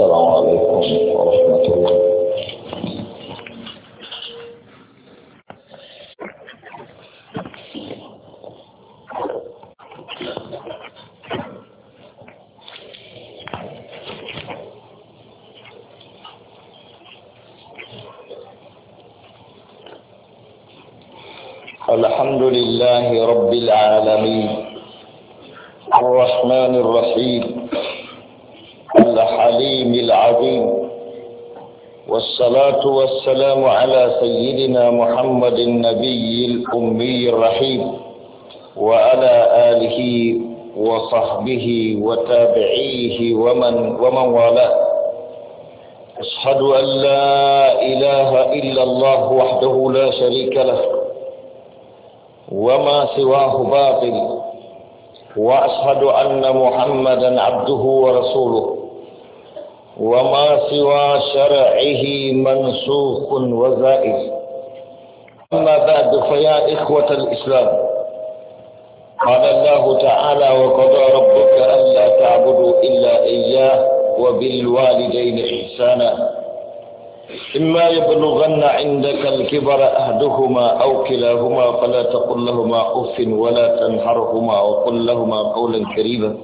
السلام عليكم ورحمة الله الحمد لله رب العالمين الرحمن الرحيم العليم العظيم والصلاة والسلام على سيدنا محمد النبي الأمي الرحيم وعلى آله وصحبه وتابعيه ومن ومن والاه أشهد أن لا إله إلا الله وحده لا شريك له وما سواه باطل وأشهد أن محمدا عبده ورسوله وما سوى شرعه منسوخ وزائف أما بعد فيا إخوة الإسلام قال الله تعالى وقضى ربك ألا تعبدوا إلا إياه وبالوالدين إحسانا إما يبلغن عندك الكبر أهدهما أو كلاهما فلا تقل لهما أف ولا تنهرهما وقل لهما قولا كريما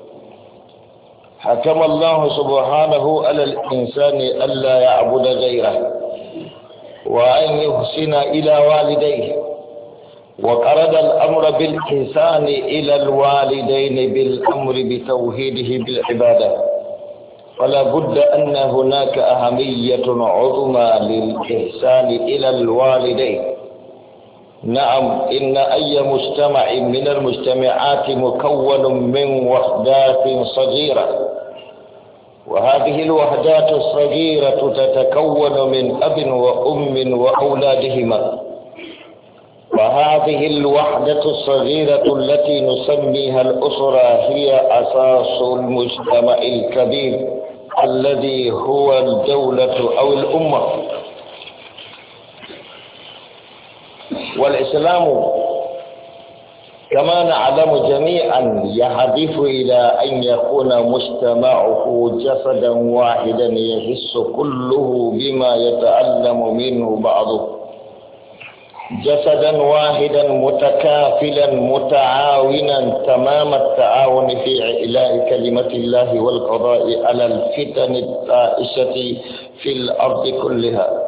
حكم الله سبحانه على الإنسان ألا يعبد غيره وأن يحسن إلى والديه وقرد الأمر بالإنسان إلى الوالدين بالأمر بتوحيده بالعبادة فلا بد أن هناك أهمية عظمى للإحسان إلى الوالدين نعم إن أي مجتمع من المجتمعات مكون من وحدات صغيرة وهذه الوحدات الصغيرة تتكون من أب وأم وأولادهما وهذه الوحدة الصغيرة التي نسميها الأسرة هي أساس المجتمع الكبير الذي هو الدولة أو الأمة والإسلام كما نعلم جميعا يهدف إلى أن يكون مجتمعه جسدا واحدا يحس كله بما يتعلم منه بعضه جسدا واحدا متكافلا متعاونا تمام التعاون في إعلاء كلمة الله والقضاء على الفتن الطائشة في الأرض كلها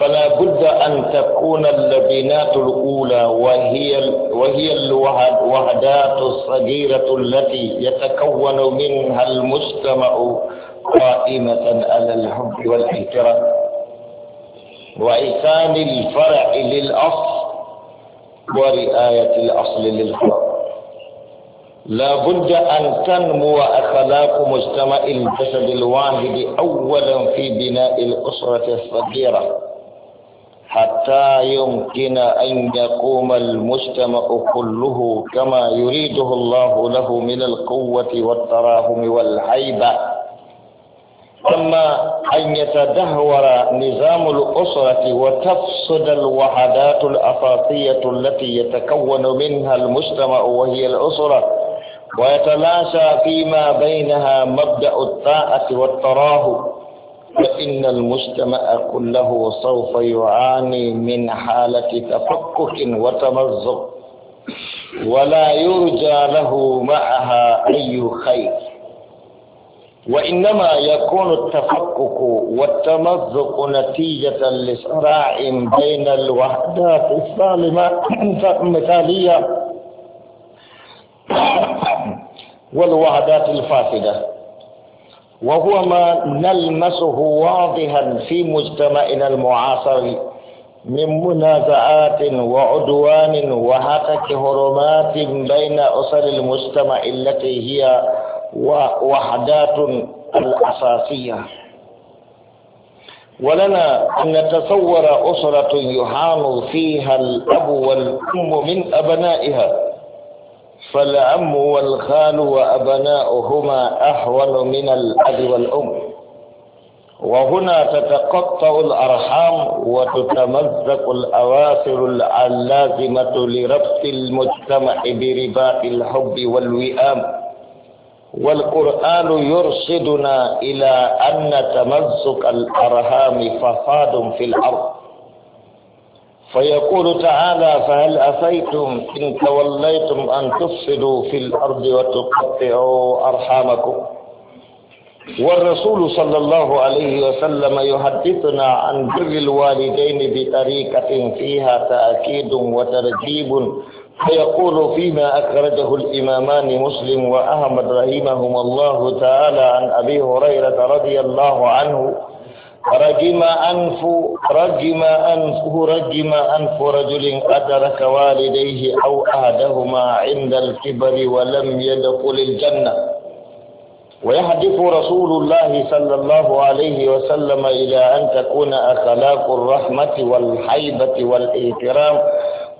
فلا بد أن تكون اللبنات الأولى وهي وهي الوحدات الصغيرة التي يتكون منها المجتمع قائمة على الحب والاحترام وإيثان الفرع للأصل ورعاية الأصل للفرع لا بد أن تنمو أخلاق مجتمع الجسد الواحد أولا في بناء الأسرة الصغيرة حتى يمكن أن يقوم المجتمع كله كما يريده الله له من القوة والتراهم والهيبة أما أن يتدهور نظام الأسرة وتفسد الوحدات الأساسية التي يتكون منها المجتمع وهي الأسرة ويتلاشى فيما بينها مبدأ الطاعة والتراهم فإن المجتمع كله سوف يعاني من حالة تفكك وتمزق ولا يرجى له معها أي خير وإنما يكون التفكك والتمزق نتيجة لصراع بين الوحدات السالمة المثالية والوحدات الفاسدة وهو ما نلمسه واضحا في مجتمعنا المعاصر من منازعات وعدوان وهتك هرمات بين أسر المجتمع التي هي وحدات الأساسية ولنا أن نتصور أسرة يحان فيها الأب والأم من أبنائها فالعم والخال وأبناؤهما أحون من الأب والأم وهنا تتقطع الأرحام وتتمزق الأواصر اللازمة لربط المجتمع برباط الحب والوئام والقرآن يرشدنا إلى أن تمزق الأرحام فصاد في الأرض فيقول تعالى فهل أفيتم إن توليتم أن تفسدوا في الأرض وتقطعوا أرحامكم والرسول صلى الله عليه وسلم يحدثنا عن بر الوالدين بطريقة فيها تأكيد وترجيب فيقول فيما أخرجه الإمامان مسلم وأحمد رحمهما الله تعالى عن أبي هريرة رضي الله عنه رجم أنف رجم أنفه رجم أنف رجل أدرك والديه أو أهدهما عند الكبر ولم يدخل الجنة ويحدث رسول الله صلى الله عليه وسلم إلى أن تكون أخلاق الرحمة والحيبة والاحترام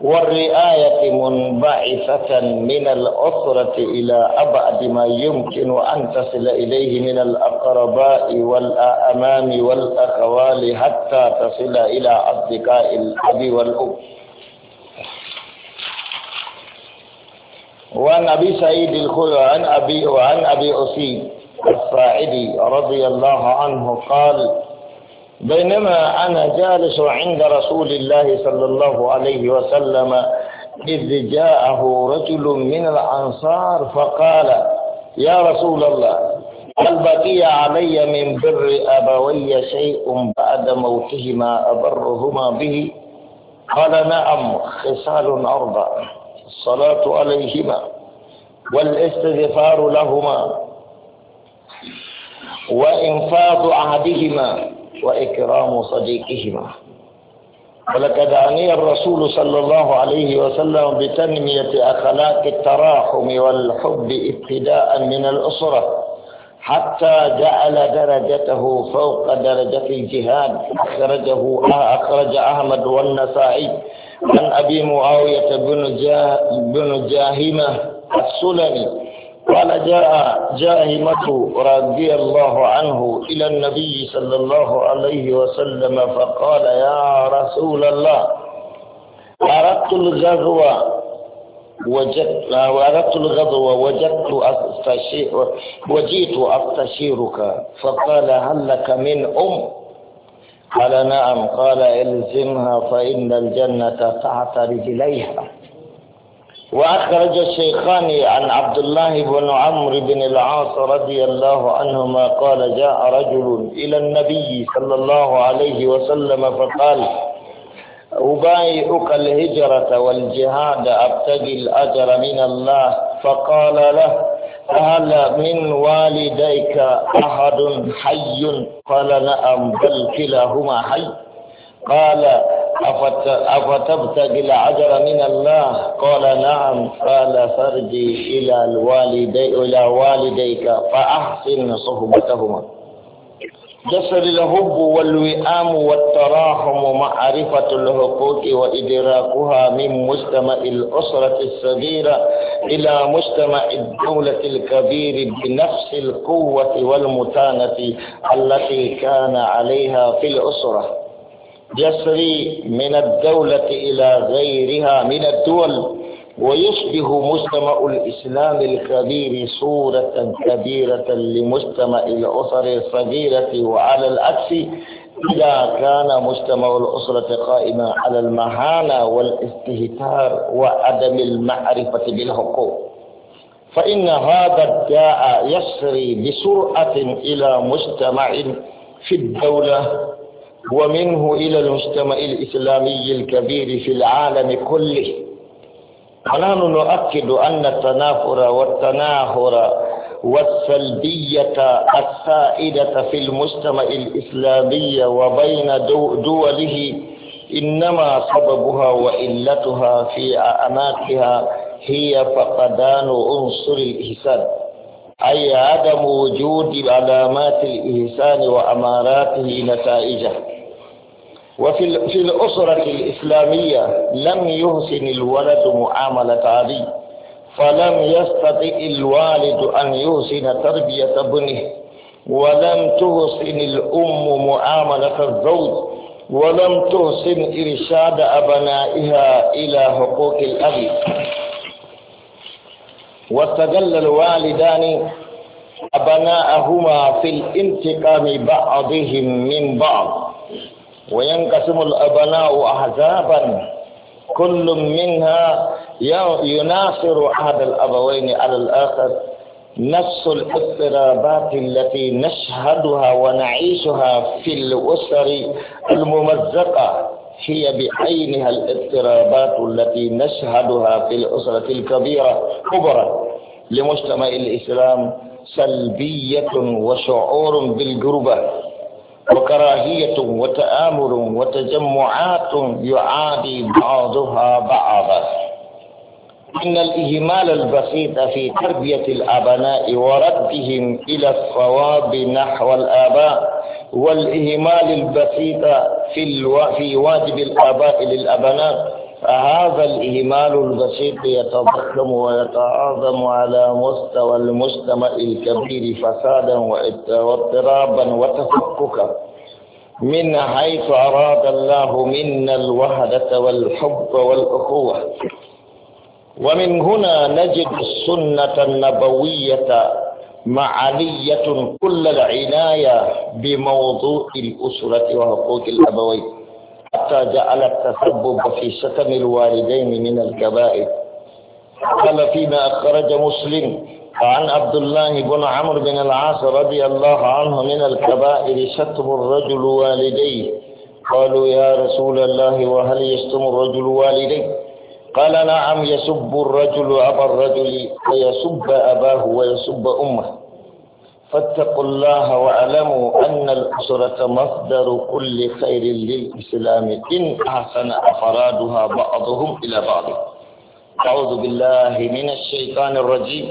والرعاية منبعثة من الأسرة إلى أبعد ما يمكن أن تصل إليه من الأقرباء والأمام والأخوال حتى تصل إلى أصدقاء الأب والأم وعن أبي سعيد الخلع عن أبي وعن أبي أسيد الصاعدي رضي الله عنه قال بينما أنا جالس عند رسول الله صلى الله عليه وسلم إذ جاءه رجل من الأنصار فقال يا رسول الله هل بقي علي من بر أبوي شيء بعد موتهما أبرهما به قال نعم خصال أربع الصلاة عليهما والاستغفار لهما وإنفاذ عهدهما وإكرام صديقهما ولقد عني الرسول صلى الله عليه وسلم بتنمية أخلاق التراحم والحب ابتداء من الأسرة حتى جعل درجته فوق درجة الجهاد أخرجه أخرج أحمد والنسائي عن أبي معاوية بن جاهمة السلمي قال جاء جائمة رضي الله عنه إلى النبي صلى الله عليه وسلم فقال يا رسول الله أردت الغزو وجدت الغزو وجدت أستشير وجئت أستشيرك فقال هل لك من أم قال نعم قال إلزمها فإن الجنة تعترض إليها وأخرج الشيخان عن عبد الله بن عمرو بن العاص رضي الله عنهما قال جاء رجل إلى النبي صلى الله عليه وسلم فقال أبايعك الهجرة والجهاد أبتغي الأجر من الله فقال له هل من والديك أحد حي قال نعم بل كلاهما حي قال أفتبتغي العجر من الله قال نعم قال فرجي إلى الوالدي إلى والديك فأحسن صحبتهما جسد الحب والوئام والتراحم معرفة الحقوق وإدراكها من مجتمع الأسرة الصغيرة إلى مجتمع الدولة الكبير بنفس القوة والمتانة التي كان عليها في الأسرة يسري من الدولة إلى غيرها من الدول ويشبه مجتمع الإسلام الكبير صورة كبيرة لمجتمع الأسر الصغيرة وعلى العكس إذا كان مجتمع الأسرة قائما على المهانة والاستهتار وعدم المعرفة بالحقوق فإن هذا الداء يسري بسرعة إلى مجتمع في الدولة ومنه إلى المجتمع الإسلامي الكبير في العالم كله ونحن نؤكد أن التنافر والتناهر والسلبية السائدة في المجتمع الإسلامي وبين دوله إنما سببها وإلتها في أعماقها هي فقدان عنصر الإحسان أي عدم وجود علامات الإحسان وأماراته نتائجه وفي في الأسرة الإسلامية لم يحسن الولد معاملة علي فلم يستطع الوالد أن يحسن تربية ابنه ولم تحسن الأم معاملة الزوج ولم تحسن إرشاد أبنائها إلى حقوق الأب واستدل الوالدان أبناءهما في الانتقام بعضهم من بعض وينقسم الأبناء أحزابا كل منها يناصر أحد الأبوين على الآخر نفس الاضطرابات التي نشهدها ونعيشها في الأسر الممزقة هي بعينها الاضطرابات التي نشهدها في الأسرة الكبيرة كبرى لمجتمع الإسلام سلبية وشعور بالجربة وكراهية وتآمر وتجمعات يعادي بعضها بعضا إن الإهمال البسيط في تربية الأبناء وردهم إلى الصواب نحو الآباء والإهمال البسيط في في واجب الآباء للأبناء فهذا الإهمال البسيط يتضخم ويتعاظم على مستوى المجتمع الكبير فسادا واضطرابا وتفككا من حيث أراد الله منا الوحدة والحب والأخوة ومن هنا نجد السنة النبوية معالية كل العناية بموضوع الأسرة وحقوق الأبوين حتى جعل التسبب في شتم الوالدين من الكبائر قال فيما أخرج مسلم عن عبد الله بن عمرو بن العاص رضي الله عنه من الكبائر شتم الرجل والديه قالوا يا رسول الله وهل يشتم الرجل والديه قال نعم يسب الرجل أبا الرجل ويسب أباه ويسب أمه فاتقوا الله واعلموا أن الأسرة مصدر كل خير للإسلام إن أحسن أفرادها بعضهم إلى بعض أعوذ بالله من الشيطان الرجيم